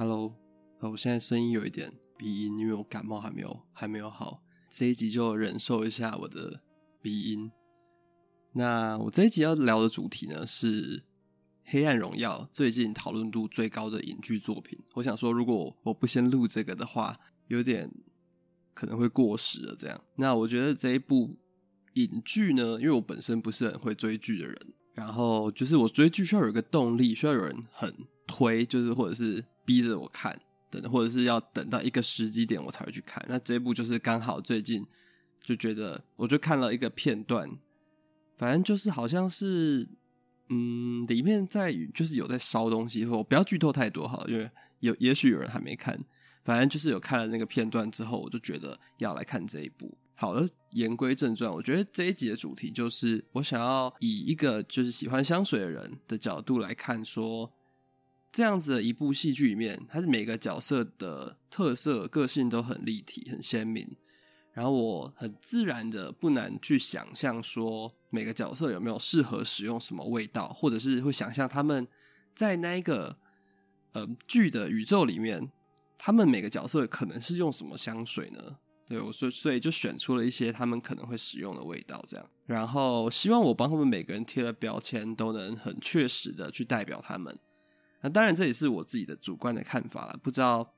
Hello，我現在聲音有一點鼻音，因為我感冒還沒有還沒有好。這一集就忍受一下我的鼻音。那我這一集要聊的主題呢，是《黑暗榮耀》，最近討論度最高的影劇作品。我想說，如果我不先錄這個的話，有點可能會過時了這樣。那我覺得這一部影劇呢，因為我本身不是很會追劇的人，然後就是我追劇需要有一個動力，需要有人很推，就是或者是。逼着我看，等或者是要等到一個時機點，我才會去看。那這部就是剛好最近就覺得，我就看了一個片段，反正就是好像是，嗯，裡面在就是有在燒東西，我不要劇透太多哈，因為有也許有人還沒看。反正就是有看了那個片段之後，我就覺得要來看這一部。好了，言歸正傳，我覺得這一集的主題就是我想要以一個就是喜歡香水的人的角度來看說。這樣子的一部戲劇裡面，它的每個角色的特色個性都很立體、很鮮明。然後我很自然的不難去想象，說每個角色有沒有適合使用什麼味道，或者是會想象他們在那一個呃劇的宇宙裡面，他們每個角色可能是用什麼香水呢？對，我所所以就選出了一些他們可能會使用的味道，這樣。然後希望我幫他們每個人貼的標籤，都能很確實的去代表他們。那當然，這也是我自己的主觀的看法啦。不知道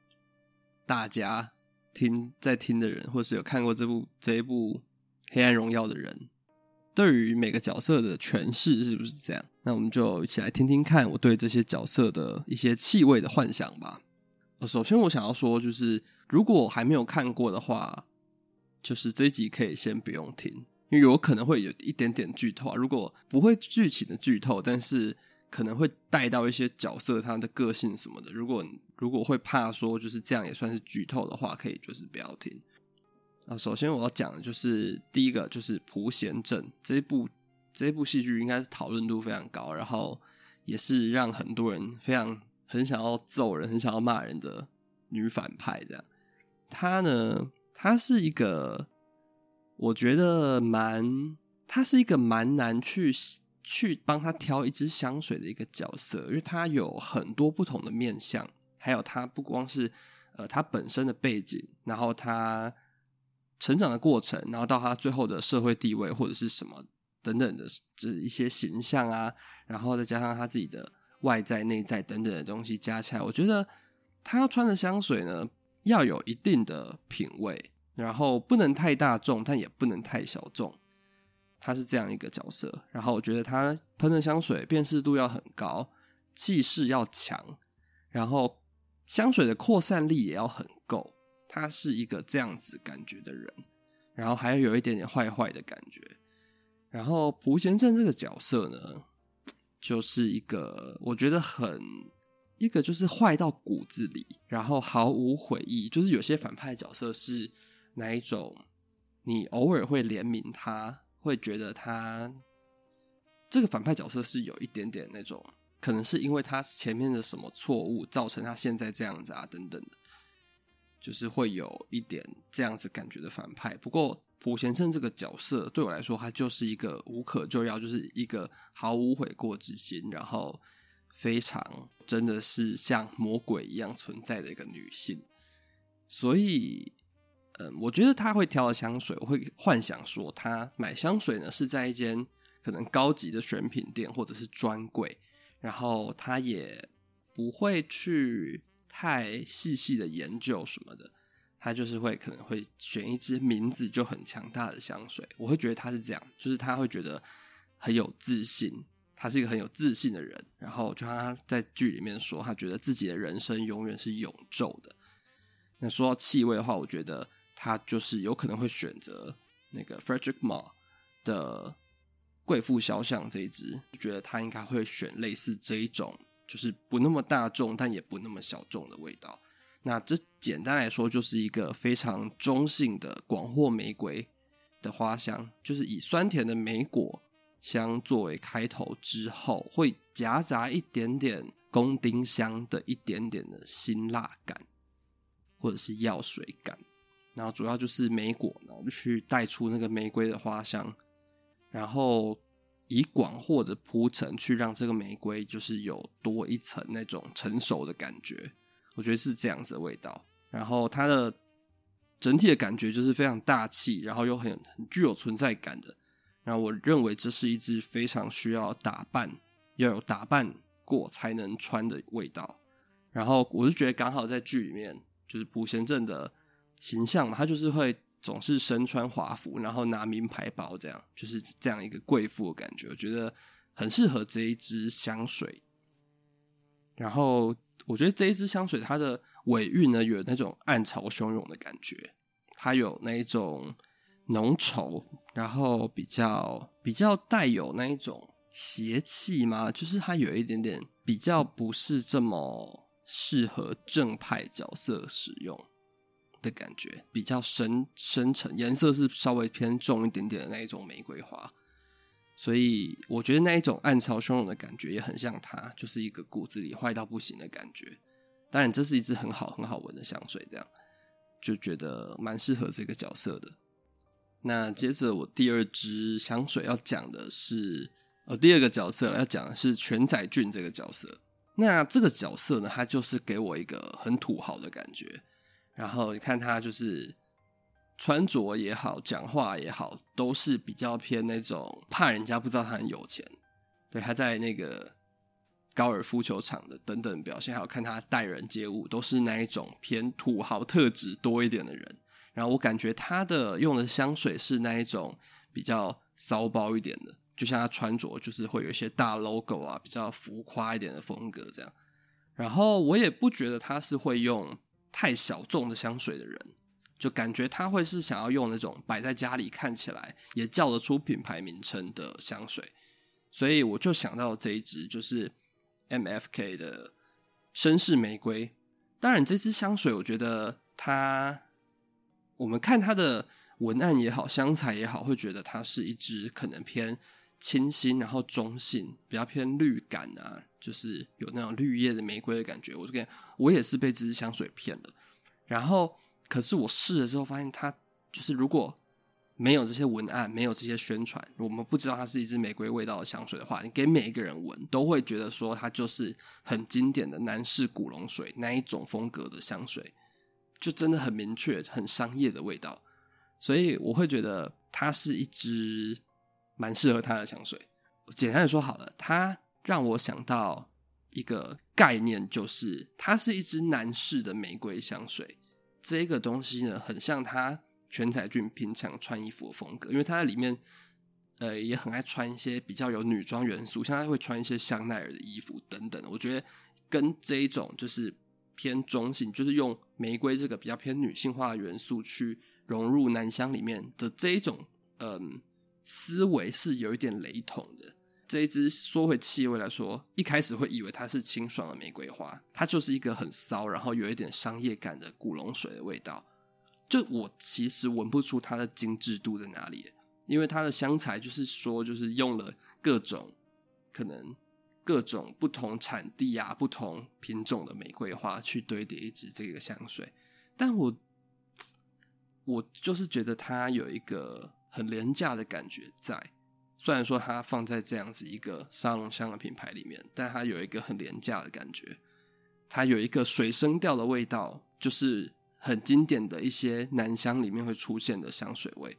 大家聽在聽的人，或是有看過這部這一部《黑暗榮耀》的人，對於每個角色的詮釋是不是這樣？那我們就一起來聽聽看我對這些角色的一些氣味的幻想吧。首先，我想要說，就是如果還沒有看過的話，就是這一集可以先不用聽，因為有可能會有一點點劇透啊。如果不會劇情的劇透，但是。可能會帶到一些角色他的個性什麼的。如果如果會怕說就是這樣也算是劇透的話，可以就是不要聽。啊，首先我要講的就是第一個就是朴涎鎮這一部這一部戲劇，應該是討論度非常高，然後也是讓很多人非常很想要揍人、很想要罵人的女反派。這樣，她呢，她是一個我覺得蠻，她是一個蠻難去。去幫他挑一支香水的一個角色，因為他有很多不同的面相，還有他不光是呃他本身的背景，然後他成長的過程，然後到他最後的社會地位或者是什麼等等的這、就是、一些形象啊，然後再加上他自己的外在內在等等的東西加起來，我覺得他要穿的香水呢，要有一定的品味，然後不能太大眾，但也不能太小眾。他是這樣一個角色，然後我覺得他噴的香水辨識度要很高，氣勢要強，然後香水的擴散力也要很夠。他是一個這樣子感覺的人，然後還要有一點點壞壞的感覺。然後朴妍珍這個角色呢，就是一個我覺得很一個就是壞到骨子裡，然後毫無悔意。就是有些反派的角色是哪一種，你偶爾會憐憫他。會覺得他這個反派角色是有一點點那種，可能是因為他前面的什麼錯誤造成他現在這樣子啊，等等的，就是會有一點這樣子感覺的反派。不過朴涎鎮這個角色對我來說，他就是一個無可救藥，就是一個毫無悔過之心，然後非常真的是像魔鬼一樣存在的一個女性，所以。我覺得他會挑的香水，我會幻想說他買香水呢是在一間可能高級的選品店或者是專櫃，然後他也不會去太細細的研究什麼的，他就是會可能會選一支名字就很強大的香水。我會覺得他是這樣，就是他會覺得很有自信，他是一個很有自信的人。然後就他在劇裡面說，他覺得自己的人生永遠是永晝的。那說到氣味的話，我覺得。他就是有可能會選擇那個 Frederic Malle 的貴婦肖像這一支，就覺得他應該會選類似這一種，就是不那麼大眾但也不那麼小眾的味道。那這簡單來說就是一個非常中性的廣藿玫瑰的花香，就是以酸甜的莓果香作為開頭，之後會夾雜一點點宮丁香的一點點的辛辣感，或者是藥水感。然後主要就是莓果呢，然後去帶出那個玫瑰的花香，然後以廣藿的鋪陳去讓這個玫瑰就是有多一層那種成熟的感覺，我覺得是這樣子的味道。然後它的整體的感覺就是非常大氣，然後又很很具有存在感的。然後我認為這是一支非常需要打扮，要有打扮過才能穿的味道。然後我是覺得剛好在劇裡面，就是朴涎鎮的。形象嘛，他就是會總是身穿華服，然後拿名牌包，這樣就是這樣一個貴婦的感覺。我覺得很適合這一支香水。然後，我覺得這一支香水它的尾韻呢，有那種暗潮洶湧的感覺，它有那一種濃稠，然後比較比較帶有那一種邪氣嘛，就是它有一點點比較不是這麼適合正派角色使用。的感覺比較深深沉，顏色是稍微偏重一點點的那一種玫瑰花，所以我覺得那一種暗潮洶湧的感覺也很像他，就是一個骨子裡壞到不行的感覺。當然，這是一支很好很好聞的香水，這樣就覺得蠻適合這個角色的。那接着我第二支香水要講的是，呃，第二個角色要講的是全宰俊這個角色。那這個角色呢，他就是給我一個很土豪的感覺。然後你看他就是穿着也好，講話也好，都是比較偏那種怕人家不知道他很有錢。對，他在那個高爾夫球場的等等表現，還有看他待人接物，都是那一種偏土豪特質多一點的人。然後我感覺他的用的香水是那一種比較騷包一點的，就像他穿着就是會有一些大 logo 啊，比較浮誇一點的風格這樣。然後我也不覺得他是會用。太小眾的香水的人，就感覺他會是想要用那種擺在家裡看起來也叫得出品牌名稱的香水，所以我就想到這一支就是 MFK 的紳士玫瑰。當然，這支香水我覺得它，我們看它的文案也好，香材也好，會覺得它是一支可能偏清新，然後中性，比較偏綠感啊。就是有那種綠葉的玫瑰的感覺，我就跟，我也是被這支香水騙了。然後，可是我試了之後發現它，它就是如果沒有這些文案，沒有這些宣傳，我們不知道它是一支玫瑰味道的香水的話，你給每一個人聞，都會覺得說它就是很經典的男士古龍水那一種風格的香水，就真的很明確、很商業的味道。所以我會覺得它是一支蠻適合他的香水。簡單的說好了，它。讓我想到一個概念，就是它是一支男士的玫瑰香水。這個東西呢，很像他全才俊平常穿衣服的風格，因為他在裡面，呃，也很愛穿一些比較有女裝元素，像他會穿一些香奈兒的衣服等等。我覺得跟這一種就是偏中性，就是用玫瑰這個比較偏女性化的元素去融入男香裡面的這一種，嗯、呃，思維是有一點雷同的。這一支說回氣味來說，一開始會以為它是清爽的玫瑰花，它就是一個很騷，然後有一點商業感的古龍水的味道。就我其實聞不出它的精致度在哪裡，因為它的香材就是說，就是用了各種可能各種不同產地啊、不同品種的玫瑰花去堆疊一支這個香水。但我我就是覺得它有一個很廉價的感覺在。雖然說它放在這樣子一個沙龍香的品牌裡面，但它有一個很廉價的感覺。它有一個水生調的味道，就是很經典的一些男香裡面會出現的香水味。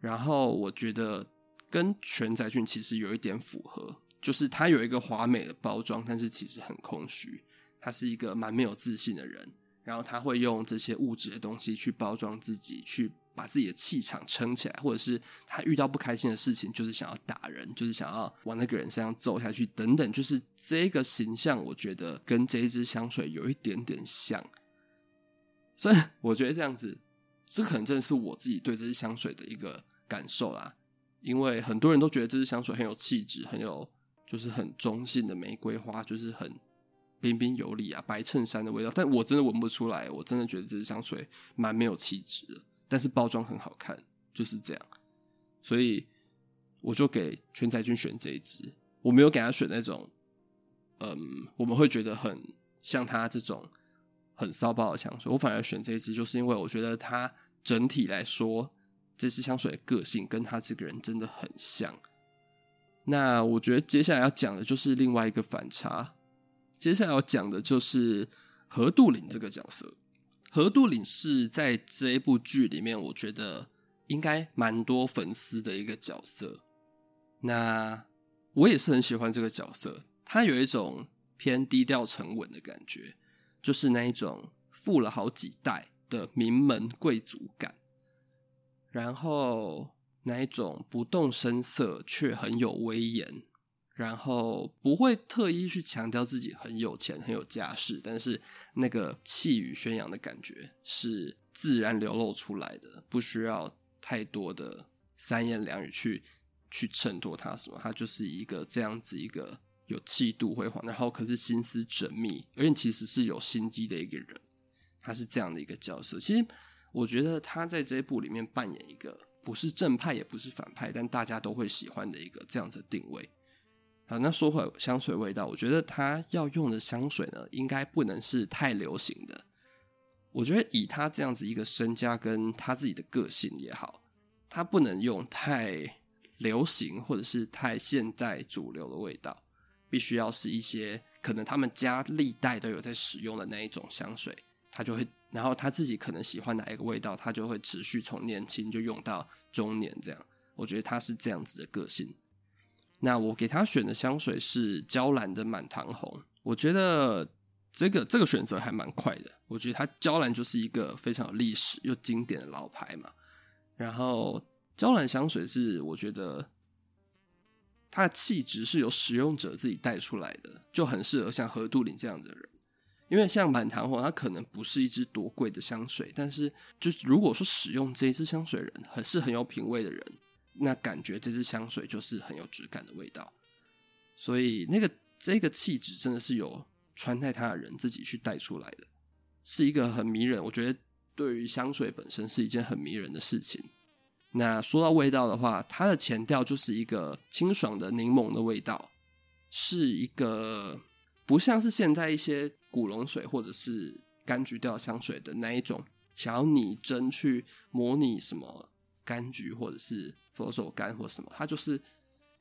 然後我覺得跟全宅俊其實有一點符合，就是他有一個華美的包裝，但是其實很空虛。他是一個蠻沒有自信的人，然後他會用這些物質的東西去包裝自己，去。把自己的氣場撐起來，或者是他遇到不開心的事情，就是想要打人，就是想要往那個人身上揍下去，等等，就是這個形象，我覺得跟這一支香水有一點點像。所以我覺得這樣子，這可能真的是我自己對這支香水的一個感受啦。因為很多人都覺得這支香水很有氣質，很有就是很中性的玫瑰花，就是很彬彬有禮啊，白襯衫的味道。但我真的聞不出來，我真的覺得這支香水蠻沒有氣質的。但是包裝很好看，就是這樣，所以我就給全才君選這一支，我沒有給他選那種，嗯，我們會覺得很像他這種很騷包的香水，我反而選這一支，就是因為我覺得他整體來說，這支香水的個性跟他這個人真的很像。那我覺得接下來要講的就是另外一個反差，接下來要講的就是何杜林這個角色。何杜領事在這一部劇裡面，我覺得應該蠻多粉絲的一個角色。那我也是很喜歡這個角色，他有一種偏低調沉穩的感覺，就是那一種富了好幾代的名門貴族感，然後那一種不動聲色卻很有威嚴。然後不會特意去強調自己很有錢、很有家世，但是那個氣宇軒昂的感覺是自然流露出來的，不需要太多的三言兩語去去襯托他什麼。他就是一個這樣子一個有氣度輝煌，然後可是心思縝密，而且其實是有心機的一個人。他是這樣的一個角色。其實我覺得他在這一部裡面扮演一個不是正派也不是反派，但大家都會喜歡的一個這樣子的定位。啊、那說回香水味道，我覺得他要用的香水呢，應該不能是太流行的。我覺得以他這樣子一個身家跟他自己的個性也好，他不能用太流行，或者是太現在主流的味道，必須要是一些可能他們家歷代都有在使用的那一種香水，他就會，然後他自己可能喜歡哪一個味道，他就會持續從年輕就用到中年這樣。我覺得他是這樣子的個性。那我給他選的香水是嬌蘭的滿堂紅，我覺得這個這個選擇還蠻快的。我覺得它嬌蘭就是一個非常有歷史又經典的老牌嘛。然後嬌蘭香水是我覺得它的氣質是由使用者自己帶出來的，就很適合像何杜林這樣的人，因為像滿堂紅它可能不是一支多貴的香水，但是就如果說使用這一支香水人很是很有品味的人。那感覺這支香水就是很有質感的味道，所以那個這個氣質真的是由穿戴它的人自己去帶出來的，是一個很迷人。我覺得對於香水本身是一件很迷人的事情。那說到味道的話，它的前調就是一個清爽的檸檬的味道，是一個不像是現在一些古龍水或者是柑橘調香水的那一種，想要擬真去模擬什麼柑橘或者是。佛手柑或,或什麼，它就是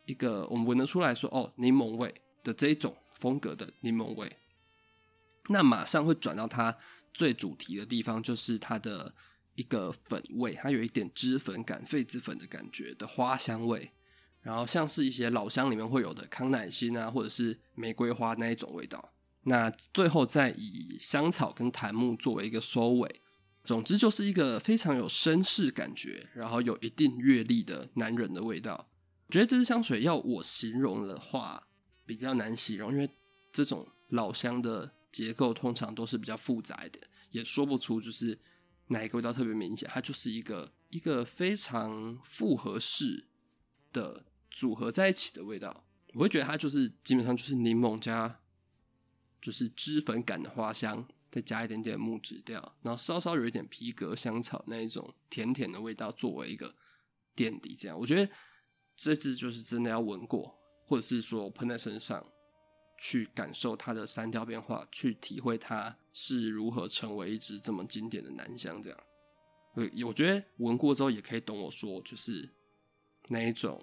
一個我們聞得出來說哦，檸檬味的這一種風格的檸檬味。那馬上會轉到它最主題的地方，就是它的一個粉味，它有一點脂粉感、痱子粉的感覺的花香味。然後像是一些老香裡面會有的康乃馨啊，或者是玫瑰花那一種味道。那最後再以香草跟檀木作為一個收尾。總之就是一個非常有紳士感覺，然後有一定閱歷的男人的味道。覺得這支香水要我形容的話，比較難形容，因為這種老香的結構通常都是比較複雜一點，也說不出就是哪一個味道特別明顯。它就是一個一個非常複合式的組合在一起的味道。我會覺得它就是基本上就是檸檬加就是脂粉感的花香。再加一點點木質調，然後稍稍有一點皮革、香草那一種甜甜的味道，作為一個墊底，這樣我覺得這支就是真的要聞過，或者是說噴在身上，去感受它的三調變化，去體會它是如何成為一支這麼經典的男香。這樣，我我覺得聞過之後也可以懂我說，就是那一種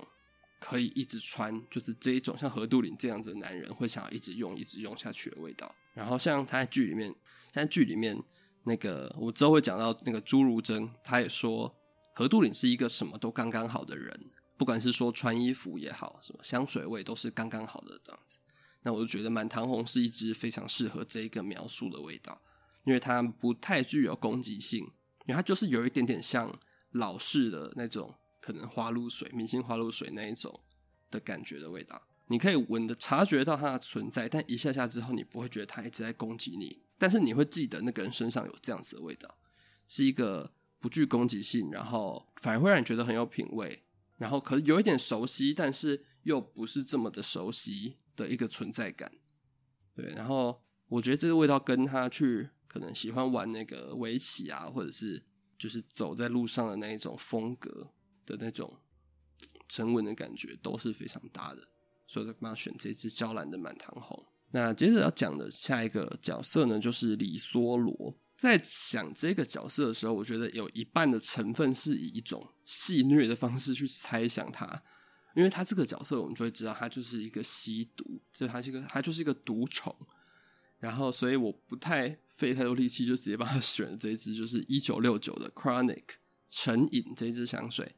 可以一直穿，就是這一種像何杜林這樣子的男人會想要一直用、一直用下去的味道。然後像他在劇裡面。但劇裡面，那個我之後會講到那個朱如貞，他也說何杜嶺是一個什麼都剛剛好的人，不管是說穿衣服也好，什麼香水味都是剛剛好的這樣子。那我就覺得滿堂紅是一支非常適合這一個描述的味道，因為它不太具有攻擊性，因為它就是有一點點像老式的那種可能花露水，明星花露水那一種的感覺的味道。你可以聞得察覺到它的存在，但一下下之後你不會覺得它一直在攻擊你。但是你會記得那個人身上有這樣子的味道，是一個不具攻擊性，然後反而會讓你覺得很有品味，然後可有一點熟悉，但是又不是這麼的熟悉的一個存在感。對，然後我覺得這個味道跟他去可能喜歡玩那個圍棋啊，或者是就是走在路上的那一種風格的那種沉穩的感覺都是非常搭的，所以我就幫他選這支嬌蘭的滿堂紅。那接着要講的下一個角色呢，就是李梭羅。在講這個角色的時候，我覺得有一半的成分是以一種戲謔的方式去猜想他，因為他這個角色我們就會知道他就是一個吸毒，就他這個，他就是一個毒蟲。然後，所以我不太費太多力氣，就直接幫他選了這一支，就是一九六九的 Chronic 成癮這支香水。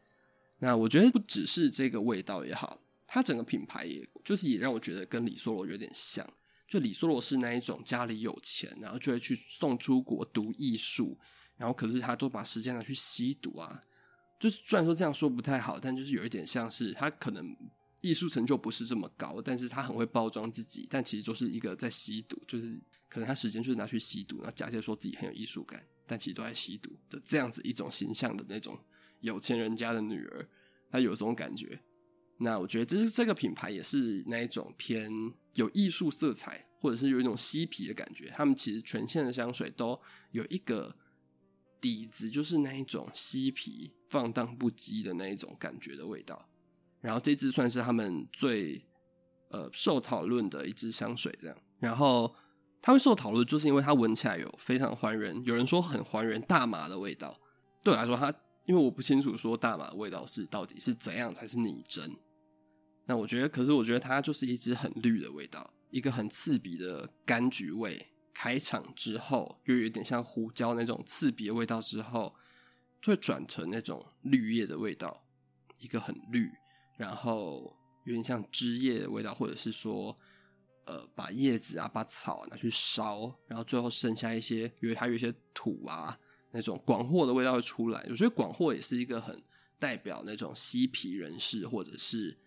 那我覺得不只是這個味道也好，它整個品牌，也就是也讓我覺得跟李梭羅有點像。就李梭羅是那一種，家裡有錢，然後就會去送出國讀藝術，然後可是他都把時間拿去吸毒啊。就是雖然說這樣說不太好，但就是有一點像是他可能藝術成就不是這麼高，但是他很會包裝自己，但其實都是一個在吸毒，就是可能他時間就是拿去吸毒，然後假設說自己很有藝術感，但其實都在吸毒的這樣子一種形象的那種有錢人家的女兒，他有這種感覺。那我覺得這是這個品牌也是那一種偏，有藝術色彩，或者是有一種嬉皮的感覺，他們其實全線的香水都有一個底子，就是那一種嬉皮放蕩不羈的那一種感覺的味道。然後這支算是他們最呃受討論的一支香水，這樣。然後它會受討論，就是因為它聞起來有非常還原，有人說很還原大麻的味道。對我來說他，它因為我不清楚說大麻的味道是到底是怎樣才是擬真。那我覺得，可是我覺得它就是一支很綠的味道，一個很刺鼻的柑橘味。開場之後，又有點像胡椒那種刺鼻的味道，之後就會轉成那種綠葉的味道，一個很綠，然後有點像枝葉的味道，或者是說，呃，把葉子啊，把草啊，拿去燒，然後最後剩下一些，因為它有一些土啊，那種廣藿的味道會出來。我覺得廣藿也是一個很代表那種嬉皮人士，或者是。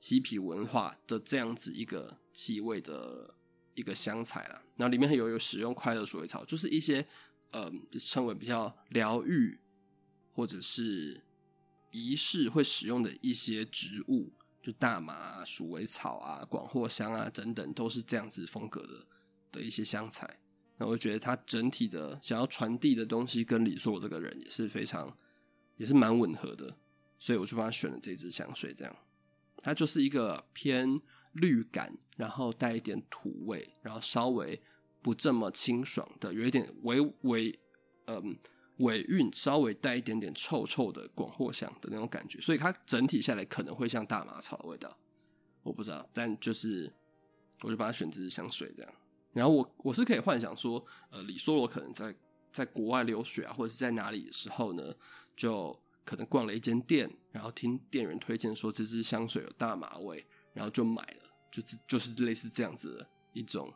嬉皮文化的這樣子一個氣味的一個香材啦，然後裡面還有有使用快樂鼠尾草，就是一些，嗯，稱為比較療癒或者是儀式會使用的一些植物，就大麻啊、鼠尾草啊、廣藿香啊等等，都是這樣子風格的的一些香材。那我覺得它整體的想要傳遞的東西跟李碩這個人也是非常，也是蠻吻合的，所以我就幫他選了這支香水，這樣。它就是一個偏綠感，然後帶一點土味，然後稍微不這麼清爽的，有一點微微嗯尾韻，稍微帶一點點臭臭的廣藿香的那種感覺，所以它整體下來可能會像大麻草的味道，我不知道，但就是我就把它選這支香水這樣。然後我我是可以幻想說，呃，李莎拉可能在在國外留學啊，或者是在哪裡的時候呢，就。可能逛了一間店，然後聽店員推薦說這支香水有大麻味，然後就買了，就是就是類似這樣子的一種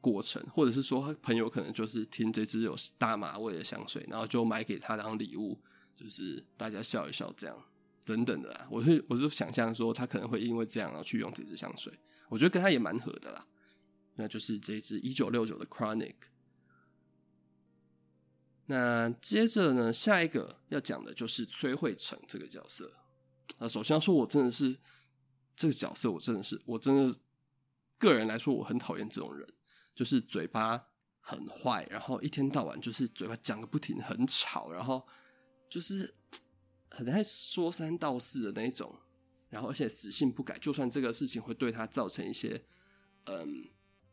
過程，或者是說朋友可能就是聽這支有大麻味的香水，然後就買給他當禮物，就是大家笑一笑這樣，等等的啦。我是我是想象說他可能會因為這樣然後去用這支香水，我覺得跟他也蠻合的啦，那就是這支一九六九的 Chronic。那接着呢，下一個要講的就是崔慧成這個角色啊。首先要說，我真的是這個角色，我真的是我真的個人來說，我很討厭這種人，就是嘴巴很壞，然後一天到晚就是嘴巴講個不停，很吵，然後就是很愛說三道四的那一種。然後而且死性不改，就算這個事情會對他造成一些嗯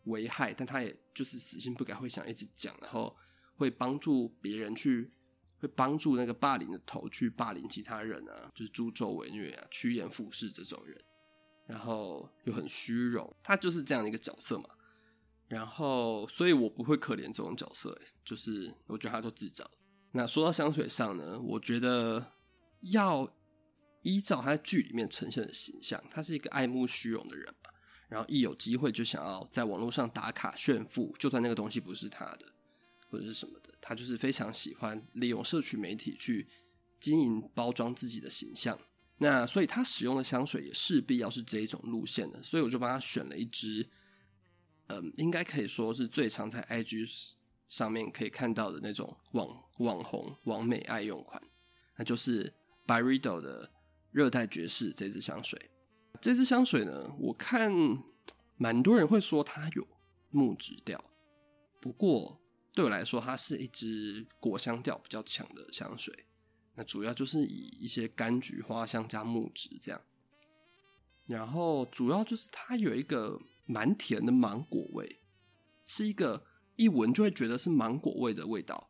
危害，但他也就是死性不改，會想一直講，然後。會幫助別人去，會幫助那個霸凌的頭去霸凌其他人啊，就是助紂為虐啊，趨炎附勢這種人，然後又很虛榮，他就是這樣的一個角色嘛。然後，所以我不會可憐這種角色，就是我覺得他都自找。那說到香水上呢，我覺得要依照他在劇裡面呈現的形象，他是一個愛慕虛榮的人嘛，然後一有機會就想要在網絡上打卡炫富，就算那個東西不是他的。或者是什麼的，他就是非常喜歡利用社群媒體去經營包裝自己的形象。那所以他使用的香水也勢必要是這一種路線的。所以我就幫他選了一支，嗯，應該可以說是最常在 IG 上面可以看到的那種網網紅網美愛用款，那就是 Byredo 的熱帶爵士這支香水。這支香水呢，我看蠻多人會說它有木質調，不過，對我來說，它是一支果香調比較強的香水。那主要就是以一些柑橘花香加木質這樣，然後主要就是它有一個蠻甜的芒果味，是一個一聞就會覺得是芒果味的味道，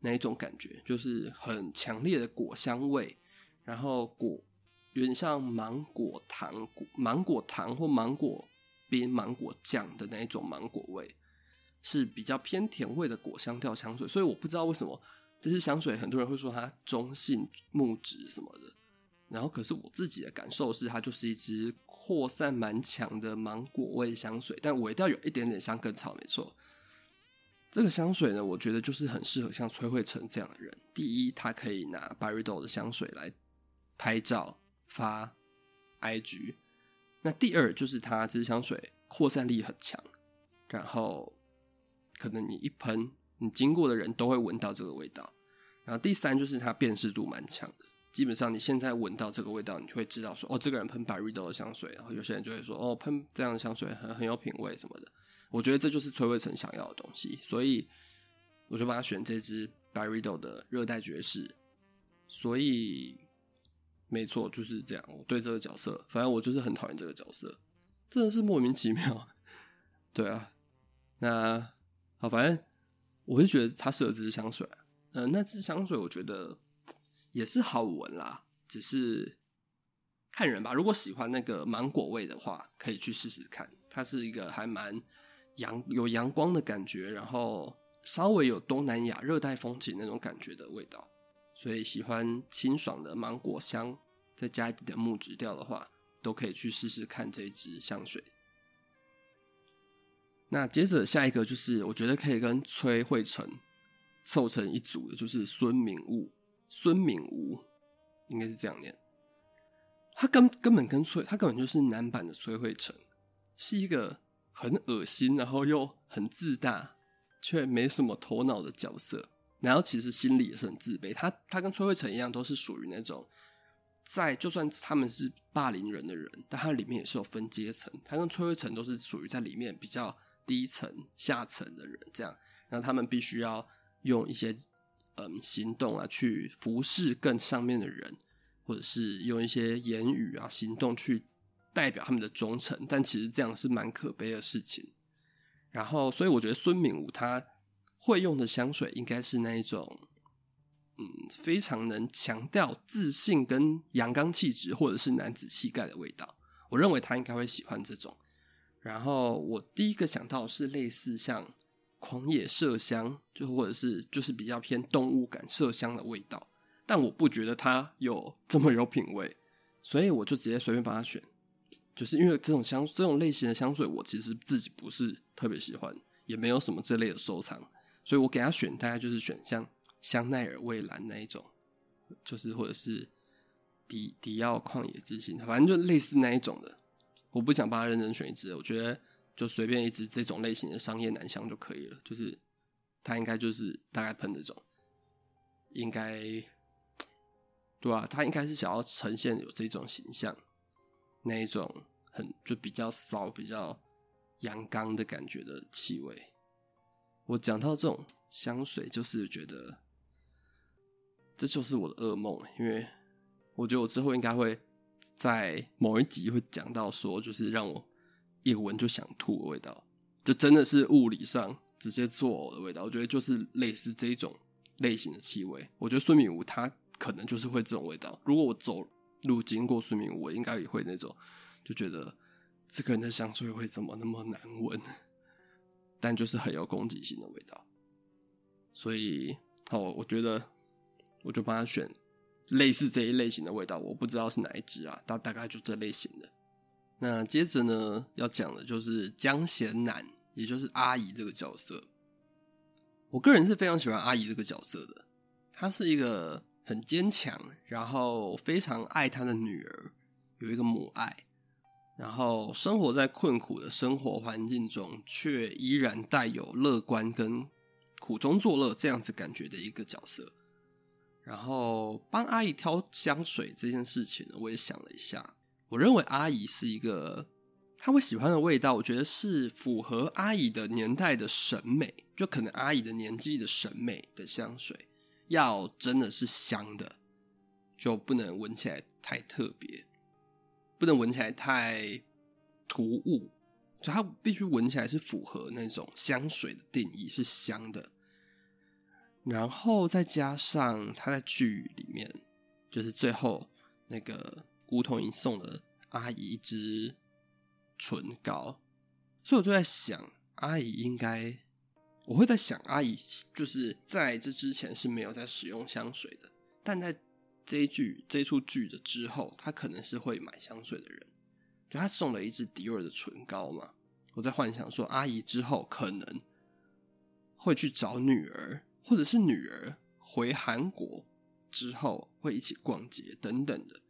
那一種感覺就是很強烈的果香味，然後果有點像芒果糖、芒果糖或芒果冰、芒果醬的那一種芒果味。是比較偏甜味的果香調香水，所以我不知道為什麼這支香水很多人會說它中性木質什麼的，然後可是我自己的感受是它就是一支擴散蠻強的芒果味香水，但我一定要有一點點香根草沒錯。這個香水呢，我覺得就是很適合像崔慧成這樣的人。第一，它可以拿 Byredo 的香水來拍照發 IG；那第二就是它這支香水擴散力很強，然後。可能你一噴，你經過的人都會聞到這個味道。然後第三就是它辨識度蠻強的，基本上你現在聞到這個味道，你就會知道說哦，這個人噴 Byredo 的香水。然後有些人就會說哦，噴這樣的香水很很有品味什麼的。我覺得這就是崔衛成想要的東西，所以我就幫他選這支 Byredo 的熱帶爵士。所以沒錯，就是這樣。我對這個角色，反正我就是很討厭這個角色，真的是莫名其妙。 對啊，那。好，反正我是覺得他適合這支香水，啊，嗯、呃，那支香水我覺得也是好聞啦，只是看人吧。如果喜歡那個芒果味的話，可以去試試看。它是一個還蠻陽有陽光的感覺，然後稍微有東南亞熱帶風情那種感覺的味道。所以喜歡清爽的芒果香，再加一點木質調的話，都可以去試試看這一支香水。那接着下一個就是，我覺得可以跟崔慧成湊成一組的，就是孫明悟。孫明悟應該是這樣念，他根根本跟崔，他根本就是男版的崔慧成，是一個很噁心，然後又很自大，卻沒什麼頭腦的角色。然後其實心裡也是很自卑。他他跟崔慧成一樣，都是屬於那種在，在就算他們是霸凌人的人，但他裡面也是有分階層。他跟崔慧成都是屬於在裡面比較。低層下層的人，這樣，那他們必須要用一些嗯行動啊，去服侍更上面的人，或者是用一些言語啊、行動去代表他們的忠誠。但其實這樣是蠻可悲的事情。然後，所以我覺得孫明悟他會用的香水，應該是那一種嗯非常能強調自信跟陽剛氣質，或者是男子氣概的味道。我認為他應該會喜歡這種。然後我第一個想到是類似像狂野麝香，就或者是就是比較偏動物感麝香的味道，但我不覺得它有這麼有品味，所以我就直接隨便把它選，就是因為這種香這種類型的香水，我其實自己不是特別喜歡，也沒有什麼這類的收藏，所以我給他選，大概就是選像香奈兒蔚藍那一種，就是或者是迪迪奧曠野之心，反正就類似那一種的。我不想把它認真選一支，我覺得就隨便一支這種類型的商業男香就可以了。就是他應該就是大概噴這種，應該，對啊，他應該是想要呈現有這種形象，那一種很就比較騷、比較陽剛的感覺的氣味。我講到這種香水，就是覺得這就是我的噩夢，因為我覺得我之後應該會。在某一集會講到說，就是讓我一聞就想吐的味道，就真的是物理上直接作嘔的味道。我覺得就是類似這種類型的氣味。我覺得孫明悟他可能就是會這種味道。如果我走路經過孫明悟我應該也會那種，就覺得這個人的香水味怎麼那麼難聞？但就是很有攻擊性的味道。所以，好，我覺得我就幫他選。類似這一類型的味道，我不知道是哪一支啊，大大概就這類型的。那接着呢，要講的就是姜賢南，也就是阿姨這個角色。我個人是非常喜歡阿姨這個角色的，她是一個很堅強，然後非常愛她的女兒，有一個母愛，然後生活在困苦的生活環境中，卻依然帶有樂觀跟苦中作樂這樣子感覺的一個角色。然後幫阿姨挑香水這件事情呢，我也想了一下。我認為阿姨是一個她會喜歡的味道，我覺得是符合阿姨的年代的審美。就可能阿姨的年紀的審美的香水，要真的是香的，就不能聞起來太特別，不能聞起來太突兀。就它必須聞起來是符合那種香水的定義，是香的。然後再加上他在劇裡面，就是最後那個梧桐英送了阿姨一支唇膏，所以我就在想，阿姨應該我會在想，阿姨就是在這之前是沒有在使用香水的，但在這一劇這一出劇的之後，她可能是會買香水的人，就她送了一支迪奧的唇膏嘛，我在幻想說，阿姨之後可能會去找女兒。或者是女兒回韓國之後會一起逛街等等的，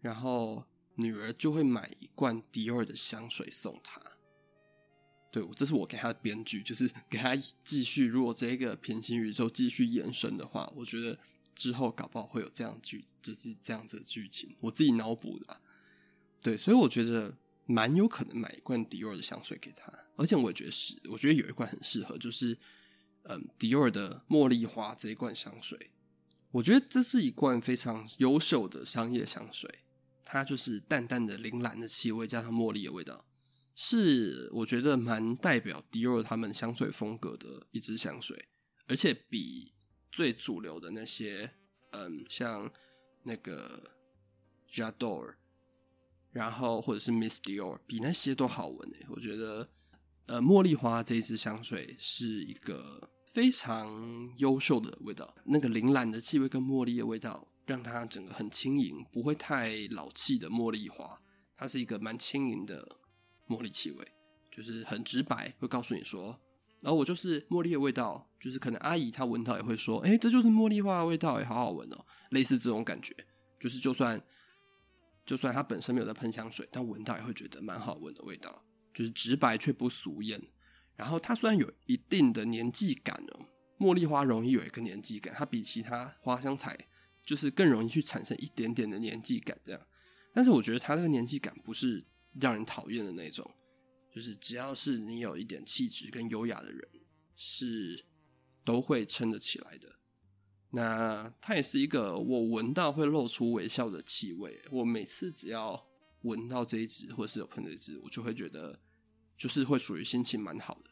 然後女兒就會買一罐迪奧的香水送他。對，這是我給他的編劇，就是給他繼續。如果這個平行宇宙繼續延伸的話，我覺得之後搞不好會有這樣劇，就是這樣子的劇情。我自己腦補的吧。對，所以我覺得蠻有可能買一罐迪奧的香水給他，而且我也覺得是，我覺得有一罐很適合，就是。嗯，迪奧的茉莉花這一罐香水，我覺得這是一罐非常優秀的商業香水。它就是淡淡的鈴蘭的氣味，加上茉莉的味道，是我覺得蠻代表迪奧他們香水風格的一支香水。而且比最主流的那些，嗯，像那個 J'adore 然後或者是 Miss Dior，比那些都好聞哎、欸。我覺得，呃、嗯，茉莉花這一支香水是一個。非常優秀的味道，那個鈴蘭的氣味跟茉莉的味道，讓它整個很輕盈，不會太老氣的茉莉花，它是一個蠻輕盈的茉莉氣味，就是很直白，會告訴你說，然後我就是茉莉的味道，就是可能阿姨她聞到也會說，欸，這就是茉莉花的味道，也好好聞哦，類似這種感覺，就是就算就算它本身沒有在噴香水，但聞到也會覺得蠻好聞的味道，就是直白卻不俗豔。然後它雖然有一定的年紀感哦，茉莉花容易有一個年紀感，它比其他花香材就是更容易去產生一點點的年紀感這樣。但是我覺得它那個年紀感不是讓人討厭的那種，就是只要是你有一點氣質跟優雅的人是都會撐得起來的。那它也是一個我聞到會露出微笑的氣味，我每次只要聞到這一支或是有噴這支，我就會覺得就是會屬於心情蠻好的。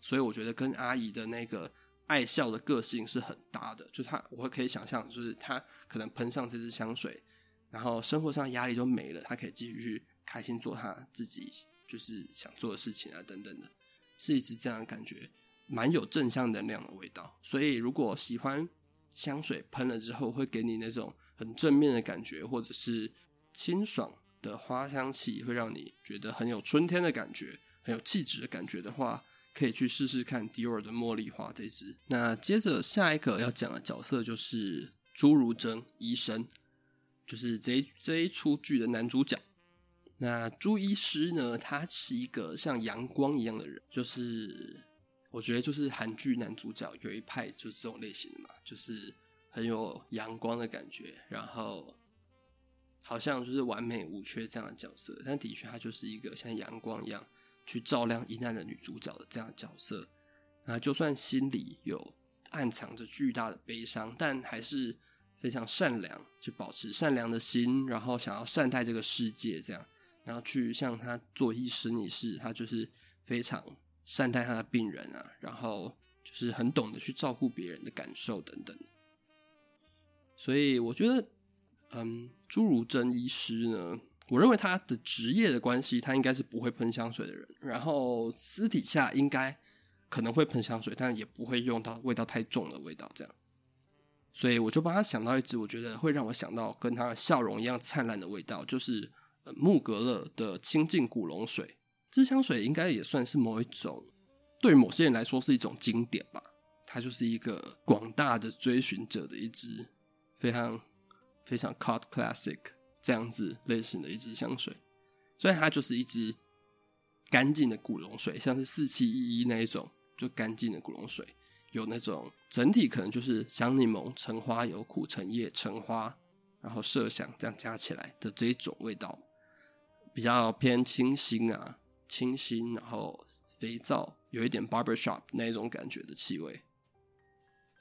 所以我覺得跟阿姨的那個愛笑的個性是很搭的，就她，我可以想象，就是她可能噴上這支香水，然後生活上壓力都沒了，她可以繼續去開心做她自己就是想做的事情啊，等等的，是一支這樣的感覺，蠻有正向能量的味道。所以如果喜歡香水噴了之後會給你那種很正面的感覺，或者是清爽的花香氣，會讓你覺得很有春天的感覺，很有氣質的感覺的話，可以去試試看迪奧的茉莉花這支。那接着下一個要講的角色就是朱如貞醫生，就是這一這一出劇的男主角。那朱醫師呢，他是一個像陽光一樣的人，就是我覺得就是韓劇男主角有一派就是這種類型的嘛，就是很有陽光的感覺，然後好像就是完美無缺這樣的角色。但的確，他就是一個像陽光一樣。去照亮陰暗的女主角的這樣的角色，啊，就算心裡有暗藏着巨大的悲傷，但還是非常善良，就保持善良的心，然後想要善待這個世界，這樣，然後去像他做醫師你是，他就是非常善待他的病人啊，然後就是很懂得去照顧別人的感受等等，所以我覺得，嗯，朱如真醫師呢。我認為他的職業的關係，他應該是不會噴香水的人。然後私底下應該可能會噴香水，但也不會用到味道太重的味道。這樣，所以我就幫他想到一支，我覺得會讓我想到跟他的笑容一樣燦爛的味道，就是、嗯、穆格勒的青淨古龍水。這香水應該也算是某一種，對某些人來說是一種經典吧。它就是一個廣大的追尋者的一支非常非常 cult classic。這樣子類型的一支香水，所以它就是一支乾淨的古龍水，像是四七一一那一種，就乾淨的古龍水，有那種整體可能就是香檸檬、橙花油、有苦橙葉、橙花，然後麝香這樣加起來的這一種味道，比較偏清新啊，清新，然後肥皂有一點 barbershop 那一種感覺的氣味。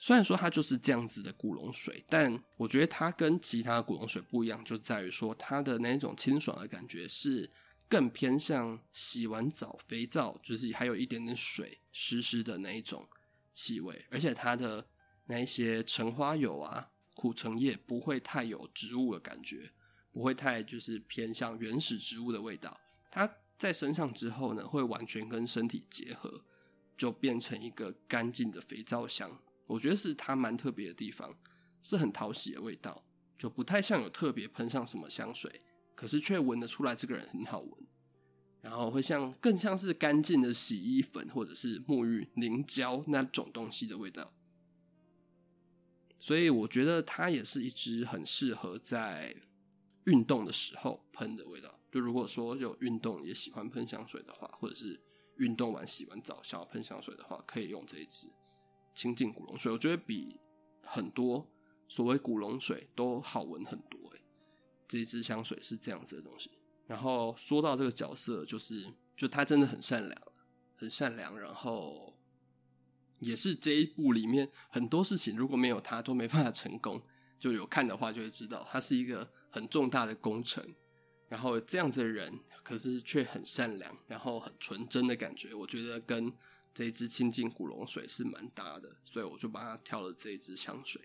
雖然說它就是這樣子的古龍水，但我覺得它跟其他古龍水不一樣，就在於說它的那一種清爽的感覺是更偏向洗完澡肥皂，就是還有一點點水濕濕的那一種氣味，而且它的那一些橙花油啊、苦橙葉不會太有植物的感覺，不會太就是偏向原始植物的味道。它在身上之後呢，會完全跟身體結合，就變成一個乾淨的肥皂香。我覺得是它蠻特別的地方，是很討喜的味道，就不太像有特別噴上什麼香水，可是卻聞得出來這個人很好聞，然後會像更像是乾淨的洗衣粉或者是沐浴凝膠那種東西的味道，所以我覺得它也是一支很適合在運動的時候噴的味道。就如果說有運動也喜歡噴香水的話，或者是運動完洗完澡想要噴香水的話，可以用這一支。青淨古龍水，我覺得比很多所謂古龍水都好聞很多。誒，這一支香水是這樣子的東西。然後說到這個角色，就是就他真的很善良，很善良。然後也是這一部裡面很多事情如果沒有他都沒辦法成功。就有看的話就會知道，他是一個很重大的工程。然後這樣子的人，可是卻很善良，然後很純真的感覺。我覺得跟。這一支青淨古龍水是蠻搭的，所以我就幫他挑了這一支香水。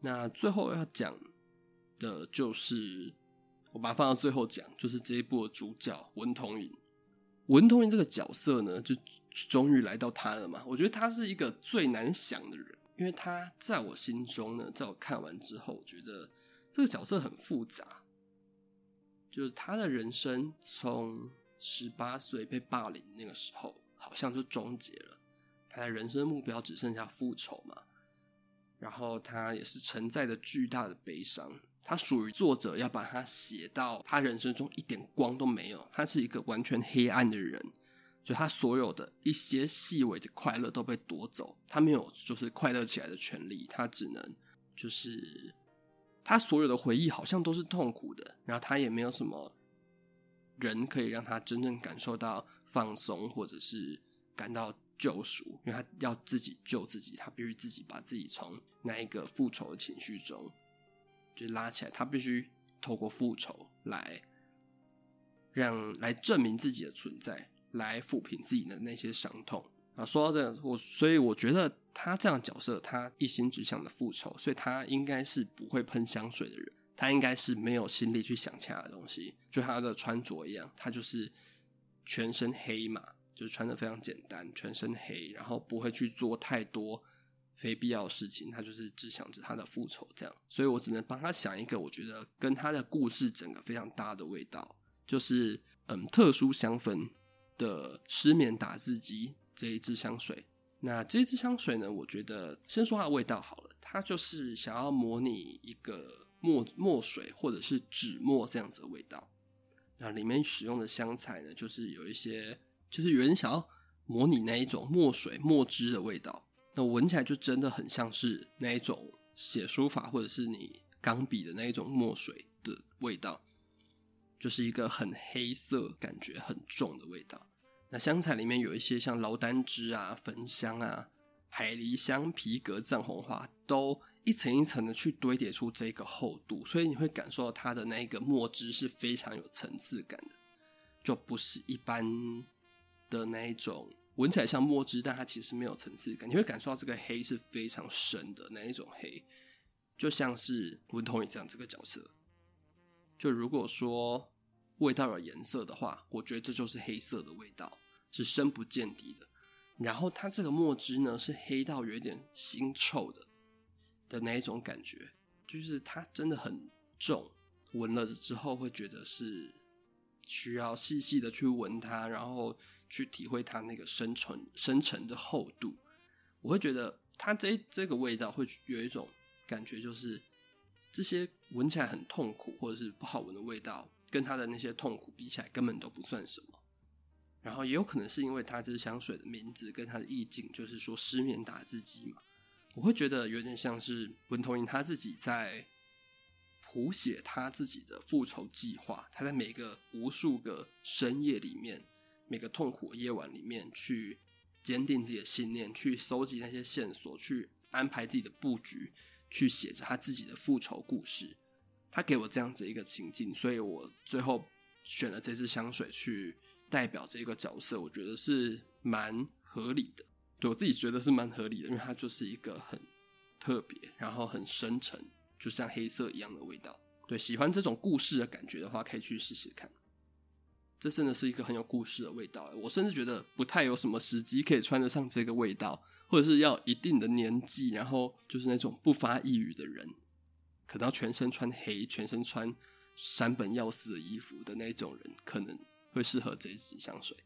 那最後要講的，就是我把它放到最後講，就是這一部的主角文同雲。文同雲這個角色呢，就終於來到他了嘛。我覺得他是一個最難想的人，因為他在我心中呢，在我看完之後，我覺得這個角色很複雜，就是他的人生從十八歲被霸凌那個時候。好像就終結了，他的人生目標只剩下復仇嘛。然後他也是承載着巨大的悲傷。他屬於作者要把他寫到他人生中一點光都沒有，他是一個完全黑暗的人。就他所有的一些細微的快樂都被奪走，他沒有就是快樂起來的權利。他只能就是他所有的回憶好像都是痛苦的，然後他也沒有什麼人可以讓他真正感受到。放鬆，或者是感到救贖，因為他要自己救自己，他必須自己把自己從那一個復仇的情緒中就拉起來，他必須透過復仇來讓來證明自己的存在，來撫平自己的那些傷痛。啊，說到這個，我，所以我覺得他這樣的角色，他一心只想着復仇，所以他應該是不會噴香水的人，他應該是沒有心力去想其他的東西，就他的穿着一樣，他就是。全身黑嘛，就是穿得非常簡單，全身黑，然後不會去做太多非必要的事情，他就是只想着他的復仇這樣，所以我只能幫他想一個我覺得跟他的故事整個非常搭的味道，就是嗯，特殊香氛的失眠打字機這一支香水。那這一支香水呢，我覺得先說它的味道好了，它就是想要模擬一個墨墨水或者是紙墨這樣子的味道。那裡面使用的香材呢，就是有一些，就是有人想要模擬那一種墨水墨汁的味道，那聞起來就真的很像是那一種寫書法或者是你鋼筆的那一種墨水的味道，就是一個很黑色、感覺很重的味道。那香材裡面有一些像勞丹脂啊、焚香啊、海狸香、皮革、藏紅花都。一層一層的去堆疊出這個厚度，所以你會感受到它的那一個墨汁是非常有層次感的，就不是一般的那一種，聞起來像墨汁，但它其實沒有層次感。你會感受到這個黑是非常深的，那一種黑，就像是文同宇這樣這個角色，就如果說味道有顏色的話，我覺得這就是黑色的味道，是深不見底的。然後它這個墨汁呢，是黑到有一點腥臭的。的那一種感覺，就是它真的很重，聞了之後會覺得是需要細細的去聞它，然後去體會它那個深沉、深沉的厚度。我會覺得它這這個味道會有一種感覺，就是這些聞起來很痛苦或者是不好聞的味道，跟它的那些痛苦比起來，根本都不算什麼。然後也有可能是因為它這香水的名字跟它的意境，就是說失眠打字機嘛。我會覺得有點像是文同恩他自己在譜寫他自己的復仇計劃，他在每個無數個深夜裡面，每個痛苦的夜晚裡面，去堅定自己的信念，去搜集那些線索，去安排自己的布局，去寫着他自己的復仇故事。他給我這樣子一個情境，所以我最後選了這支香水去代表這個角色，我覺得是蠻合理的。對，我自己覺得是蠻合理的，因為它就是一個很特別，然後很深沉，就像黑色一樣的味道。對，喜歡這種故事的感覺的話，可以去試試看。這真的是一個很有故事的味道。我甚至覺得不太有什麼時機可以穿得上這個味道，或者是要一定的年紀，然後就是那種不發抑鬱不發一語的人，可能要全身穿黑，全身穿山本耀司的衣服的那種人，可能會適合這一支香水。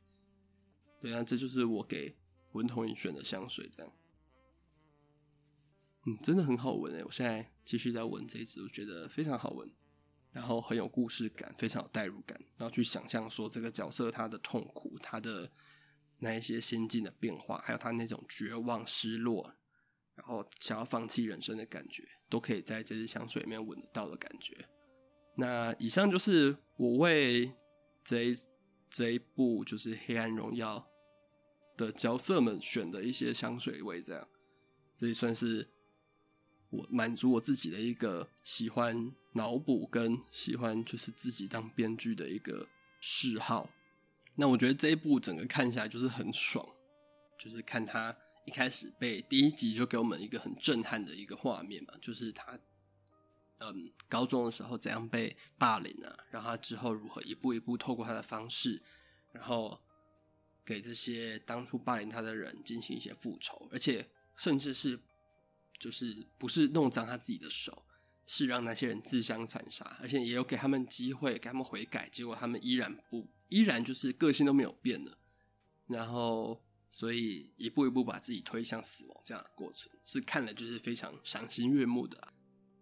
對啊，這就是我給。聞同一選的香水，這樣，嗯，真的很好聞哎，我現在繼續在聞這支，我覺得非常好聞，然後很有故事感，非常有代入感，然後去想象說這個角色他的痛苦，他的那一些心境的變化，還有他那種絕望、失落，然後想要放棄人生的感覺，都可以在這支香水裡面聞得到的感覺。那以上就是我為這一這一部就是《黑暗榮耀》。的角色們選的一些香水味，這樣，所以算是我滿足我自己的一個喜歡腦補跟喜歡，就是自己當編劇的一個嗜好。那我覺得這一部整個看下來就是很爽，就是看他一開始被第一集就給我們一個很震撼的一個畫面嘛，就是他嗯高中的時候怎樣被霸凌啊，然後他之後如何一步一步透過他的方式，然後。給這些當初霸凌他的人進行一些復仇，而且甚至是就是不是弄髒他自己的手，是讓那些人自相殘殺，而且也有給他們機會，給他們悔改，結果他們依然不依然就是個性都沒有變的，然後所以一步一步把自己推向死亡這樣的過程，是看了就是非常賞心悅目的啊，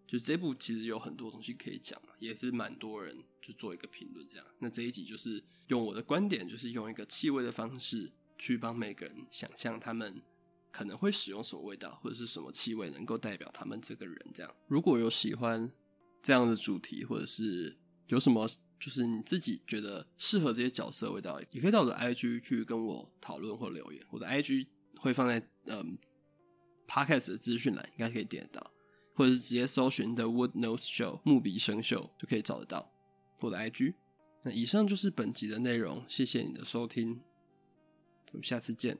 就這部其實有很多東西可以講嘛啊，也是蠻多人就做一個評論這樣，那這一集就是。用我的觀點，就是用一個氣味的方式去幫每個人想象他們可能會使用什麼味道，或者是什麼氣味能夠代表他們這個人。這樣，如果有喜歡這樣的主題，或者是有什麼就是你自己覺得適合這些角色的味道，也可以到我的 IG 去跟我討論或留言。我的 IG 會放在嗯 Podcast 的資訊欄，應該可以點得到，或者是直接搜尋 The Wood Nose Show 木鼻生鏽就可以找得到我的 IG。那以上就是本集的內容，謝謝你的收聽，我們下次見。